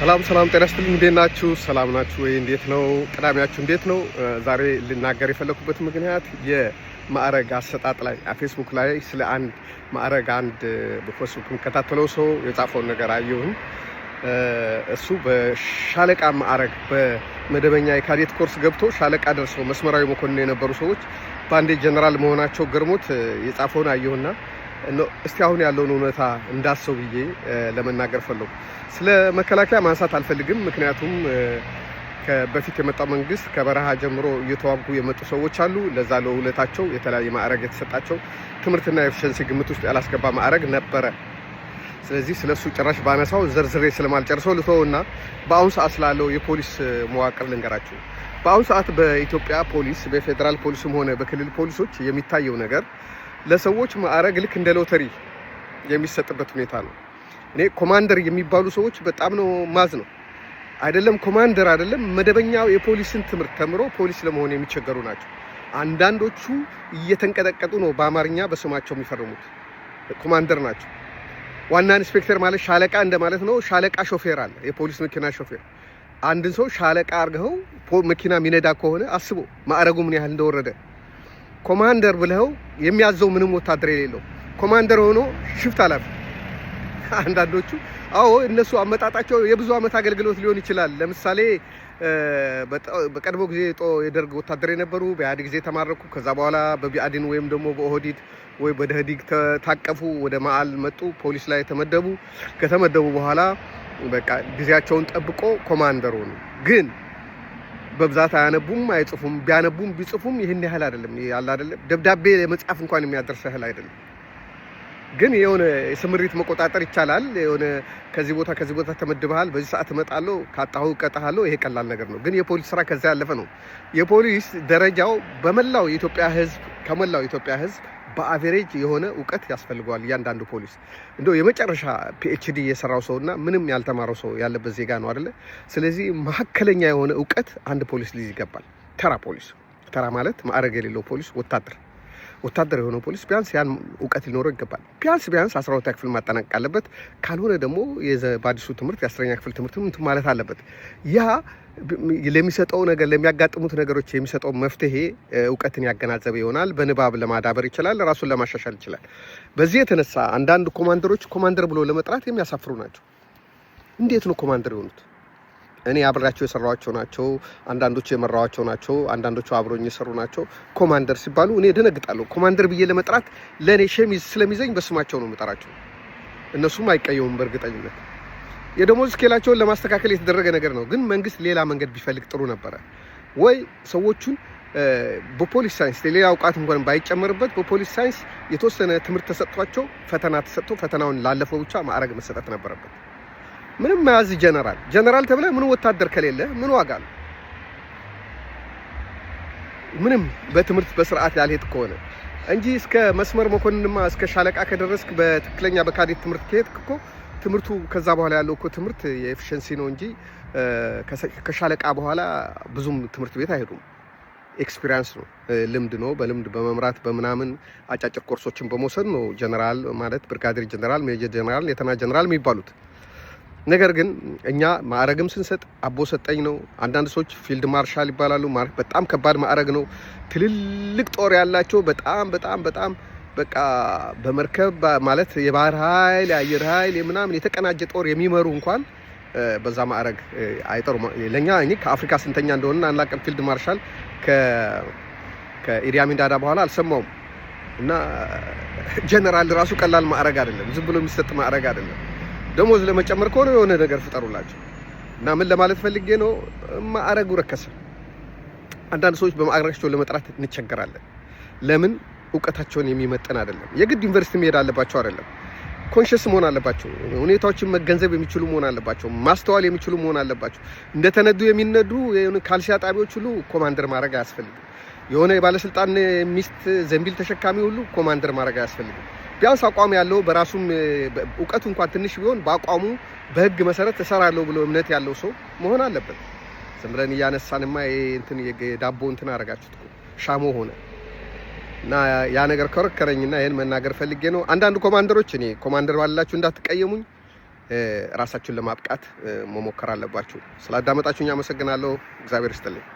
ሰላም ሰላም፣ ጤና ይስጥልኝ። እንዴት ናችሁ? ሰላም ናችሁ ወይ? እንዴት ነው ቅዳሜያችሁ? እንዴት ነው? ዛሬ ልናገር የፈለኩበት ምክንያት የማዕረግ አሰጣጥ ላይ ፌስቡክ ላይ ስለ አንድ ማዕረግ አንድ በፌስቡክ የሚከታተለው ሰው የጻፈውን ነገር አየሁኝ። እሱ በሻለቃ ማዕረግ በመደበኛ የካዴት ኮርስ ገብቶ ሻለቃ ደርሰው መስመራዊ መኮንን የነበሩ ሰዎች በአንዴ ጀነራል መሆናቸው ገርሞት የጻፈውን አየሁና እስቲ አሁን ያለውን እውነታ እንዳሰው ብዬ ለመናገር ፈለጉ። ስለ መከላከያ ማንሳት አልፈልግም፣ ምክንያቱም በፊት የመጣው መንግስት ከበረሃ ጀምሮ እየተዋጉ የመጡ ሰዎች አሉ። ለዛ ለውለታቸው የተለያየ ማዕረግ የተሰጣቸው ትምህርትና ኤፊሽንሲ ግምት ውስጥ ያላስገባ ማዕረግ ነበረ። ስለዚህ ስለ እሱ ጭራሽ ባነሳው ዘርዝሬ ስለማልጨርሰው ልተው እና በአሁኑ ሰዓት ስላለው የፖሊስ መዋቅር ልንገራቸው። በአሁኑ ሰዓት በኢትዮጵያ ፖሊስ በፌዴራል ፖሊስም ሆነ በክልል ፖሊሶች የሚታየው ነገር ለሰዎች ማዕረግ ልክ እንደ ሎተሪ የሚሰጥበት ሁኔታ ነው። እኔ ኮማንደር የሚባሉ ሰዎች በጣም ነው ማዝ ነው። አይደለም ኮማንደር አይደለም መደበኛው የፖሊስን ትምህርት ተምሮ ፖሊስ ለመሆን የሚቸገሩ ናቸው። አንዳንዶቹ እየተንቀጠቀጡ ነው በአማርኛ በስማቸው የሚፈርሙት። ኮማንደር ናቸው። ዋና ኢንስፔክተር ማለት ሻለቃ እንደማለት ነው። ሻለቃ ሾፌር አለ፣ የፖሊስ መኪና ሾፌር። አንድን ሰው ሻለቃ አርገኸው መኪና የሚነዳ ከሆነ አስቦ ማዕረጉ ምን ያህል እንደወረደ ኮማንደር ብለው የሚያዘው ምንም ወታደር የሌለው ኮማንደር ሆኖ ሽፍት አላፊ። አንዳንዶቹ አዎ እነሱ አመጣጣቸው የብዙ ዓመት አገልግሎት ሊሆን ይችላል። ለምሳሌ በቀድሞ ጊዜ የደርግ ወታደር የነበሩ በኢህአዴግ ጊዜ ተማረኩ። ከዛ በኋላ በቢአዴን ወይም ደግሞ በኦህዲድ ወይ በደህዲግ ታቀፉ፣ ወደ መዓል መጡ፣ ፖሊስ ላይ ተመደቡ። ከተመደቡ በኋላ በቃ ጊዜያቸውን ጠብቆ ኮማንደር ሆኑ ግን በብዛት አያነቡም፣ አይጽፉም። ቢያነቡም ቢጽፉም ይህን ያህል አይደለም ያለ አይደለም ደብዳቤ የመጻፍ እንኳን የሚያደርስ ያህል አይደለም። ግን የሆነ ስምሪት መቆጣጠር ይቻላል። የሆነ ከዚህ ቦታ ከዚህ ቦታ ተመድበሃል፣ በዚህ ሰዓት እመጣለሁ፣ ካጣሁ እቀጣሃለሁ። ይሄ ቀላል ነገር ነው። ግን የፖሊስ ስራ ከዚያ ያለፈ ነው። የፖሊስ ደረጃው በመላው የኢትዮጵያ ሕዝብ ከመላው የኢትዮጵያ ሕዝብ በአቬሬጅ የሆነ እውቀት ያስፈልገዋል እያንዳንዱ ፖሊስ። እንደ የመጨረሻ ፒኤችዲ የሰራው ሰው እና ምንም ያልተማረው ሰው ያለበት ዜጋ ነው አደለ? ስለዚህ መካከለኛ የሆነ እውቀት አንድ ፖሊስ ሊይዝ ይገባል። ተራ ፖሊስ፣ ተራ ማለት ማዕረግ የሌለው ፖሊስ ወታደር ወታደር የሆነው ፖሊስ ቢያንስ ያን እውቀት ሊኖረው ይገባል። ቢያንስ ቢያንስ አስራ ክፍል ማጠናቀቅ አለበት። ካልሆነ ደግሞ በአዲሱ ትምህርት የአስረኛ ክፍል ትምህርት ማለት አለበት። ያ ለሚሰጠው ነገር ለሚያጋጥሙት ነገሮች የሚሰጠው መፍትሄ እውቀትን ያገናዘበ ይሆናል። በንባብ ለማዳበር ይችላል። ራሱን ለማሻሻል ይችላል። በዚህ የተነሳ አንዳንድ ኮማንደሮች ኮማንደር ብሎ ለመጥራት የሚያሳፍሩ ናቸው። እንዴት ነው ኮማንደር የሆኑት? እኔ አብሬያቸው የሰራኋቸው ናቸው። አንዳንዶቹ የመራኋቸው ናቸው። አንዳንዶቹ አብሮኝ የሰሩ ናቸው። ኮማንደር ሲባሉ እኔ ደነግጣለሁ። ኮማንደር ብዬ ለመጥራት ለእኔ ሸሚዝ ስለሚዘኝ በስማቸው ነው የምጠራቸው። እነሱም አይቀየሙም በእርግጠኝነት። የደሞዝ ስኬላቸውን ለማስተካከል የተደረገ ነገር ነው። ግን መንግስት ሌላ መንገድ ቢፈልግ ጥሩ ነበረ ወይ ሰዎቹን በፖሊስ ሳይንስ ሌላ እውቀት እንኳን ባይጨመርበት በፖሊስ ሳይንስ የተወሰነ ትምህርት ተሰጥቷቸው ፈተና ተሰጥቶ ፈተናውን ላለፈው ብቻ ማዕረግ መሰጠት ነበረበት። ምንም መያዝ ጀነራል ጀነራል ተብለ ምን ወታደር ከሌለ ምን ዋጋ ነው? ምንም በትምህርት በስርዓት ያልሄድ ከሆነ እንጂ እስከ መስመር መኮንንማ እስከ ሻለቃ ከደረስክ በትክክለኛ በካዴት ትምህርት ከሄድክ እኮ ትምህርቱ ከዛ በኋላ ያለው እኮ ትምህርት የኤፊሽንሲ ነው እንጂ ከሻለቃ በኋላ ብዙም ትምህርት ቤት አይሄዱም። ኤክስፒሪንስ ነው፣ ልምድ ነው። በልምድ በመምራት በምናምን አጫጭር ኮርሶችን በመውሰድ ነው ጀነራል ማለት ብርጋዴር ጀነራል፣ ሜጀር ጀነራል፣ ሌተና ጀነራል የሚባሉት። ነገር ግን እኛ ማዕረግም ስንሰጥ አቦ ሰጠኝ ነው። አንዳንድ ሰዎች ፊልድ ማርሻል ይባላሉ። በጣም ከባድ ማዕረግ ነው። ትልልቅ ጦር ያላቸው በጣም በጣም በጣም በቃ በመርከብ ማለት የባህር ኃይል የአየር ኃይል ምናምን የተቀናጀ ጦር የሚመሩ እንኳን በዛ ማዕረግ አይጠሩ። ለእኛ እኔ ከአፍሪካ ስንተኛ እንደሆነ አናውቅም። ፊልድ ማርሻል ከኢሪያሚን ዳዳ በኋላ አልሰማውም። እና ጀነራል ራሱ ቀላል ማዕረግ አይደለም፣ ዝም ብሎ የሚሰጥ ማዕረግ አይደለም። ደሞዝ ለመጨመር ከሆነ የሆነ ነገር ፍጠሩላቸው እና ምን ለማለት ፈልጌ ነው፣ ማዕረጉ ረከሰ። አንዳንድ ሰዎች በማዕረጋቸው ለመጥራት እንቸገራለን። ለምን እውቀታቸውን የሚመጥን አይደለም። የግድ ዩኒቨርሲቲ መሄድ አለባቸው አይደለም። ኮንሽስ መሆን አለባቸው። ሁኔታዎችን መገንዘብ የሚችሉ መሆን አለባቸው። ማስተዋል የሚችሉ መሆን አለባቸው። እንደተነዱ የሚነዱ ካልሲ አጣቢዎች ሁሉ ኮማንደር ማድረግ አያስፈልግም። የሆነ የባለስልጣን ሚስት ዘንቢል ተሸካሚ ሁሉ ኮማንደር ማድረግ አያስፈልግም። ቢያንስ አቋም ያለው በራሱም እውቀቱ እንኳን ትንሽ ቢሆን በአቋሙ በህግ መሰረት እሰራለሁ ብሎ እምነት ያለው ሰው መሆን አለበት። ዝም ብለን እያነሳንማ እንትን የዳቦ እንትን አረጋችሁት ሻሞ ሆነ እና ያ ነገር ከረከረኝና ይህን መናገር ፈልጌ ነው። አንዳንድ ኮማንደሮች እኔ ኮማንደር ባላችሁ እንዳትቀየሙኝ፣ ራሳችሁን ለማብቃት መሞከር አለባችሁ። ስላዳመጣችሁኝ አመሰግናለሁ። እግዚአብሔር ይስጥልኝ።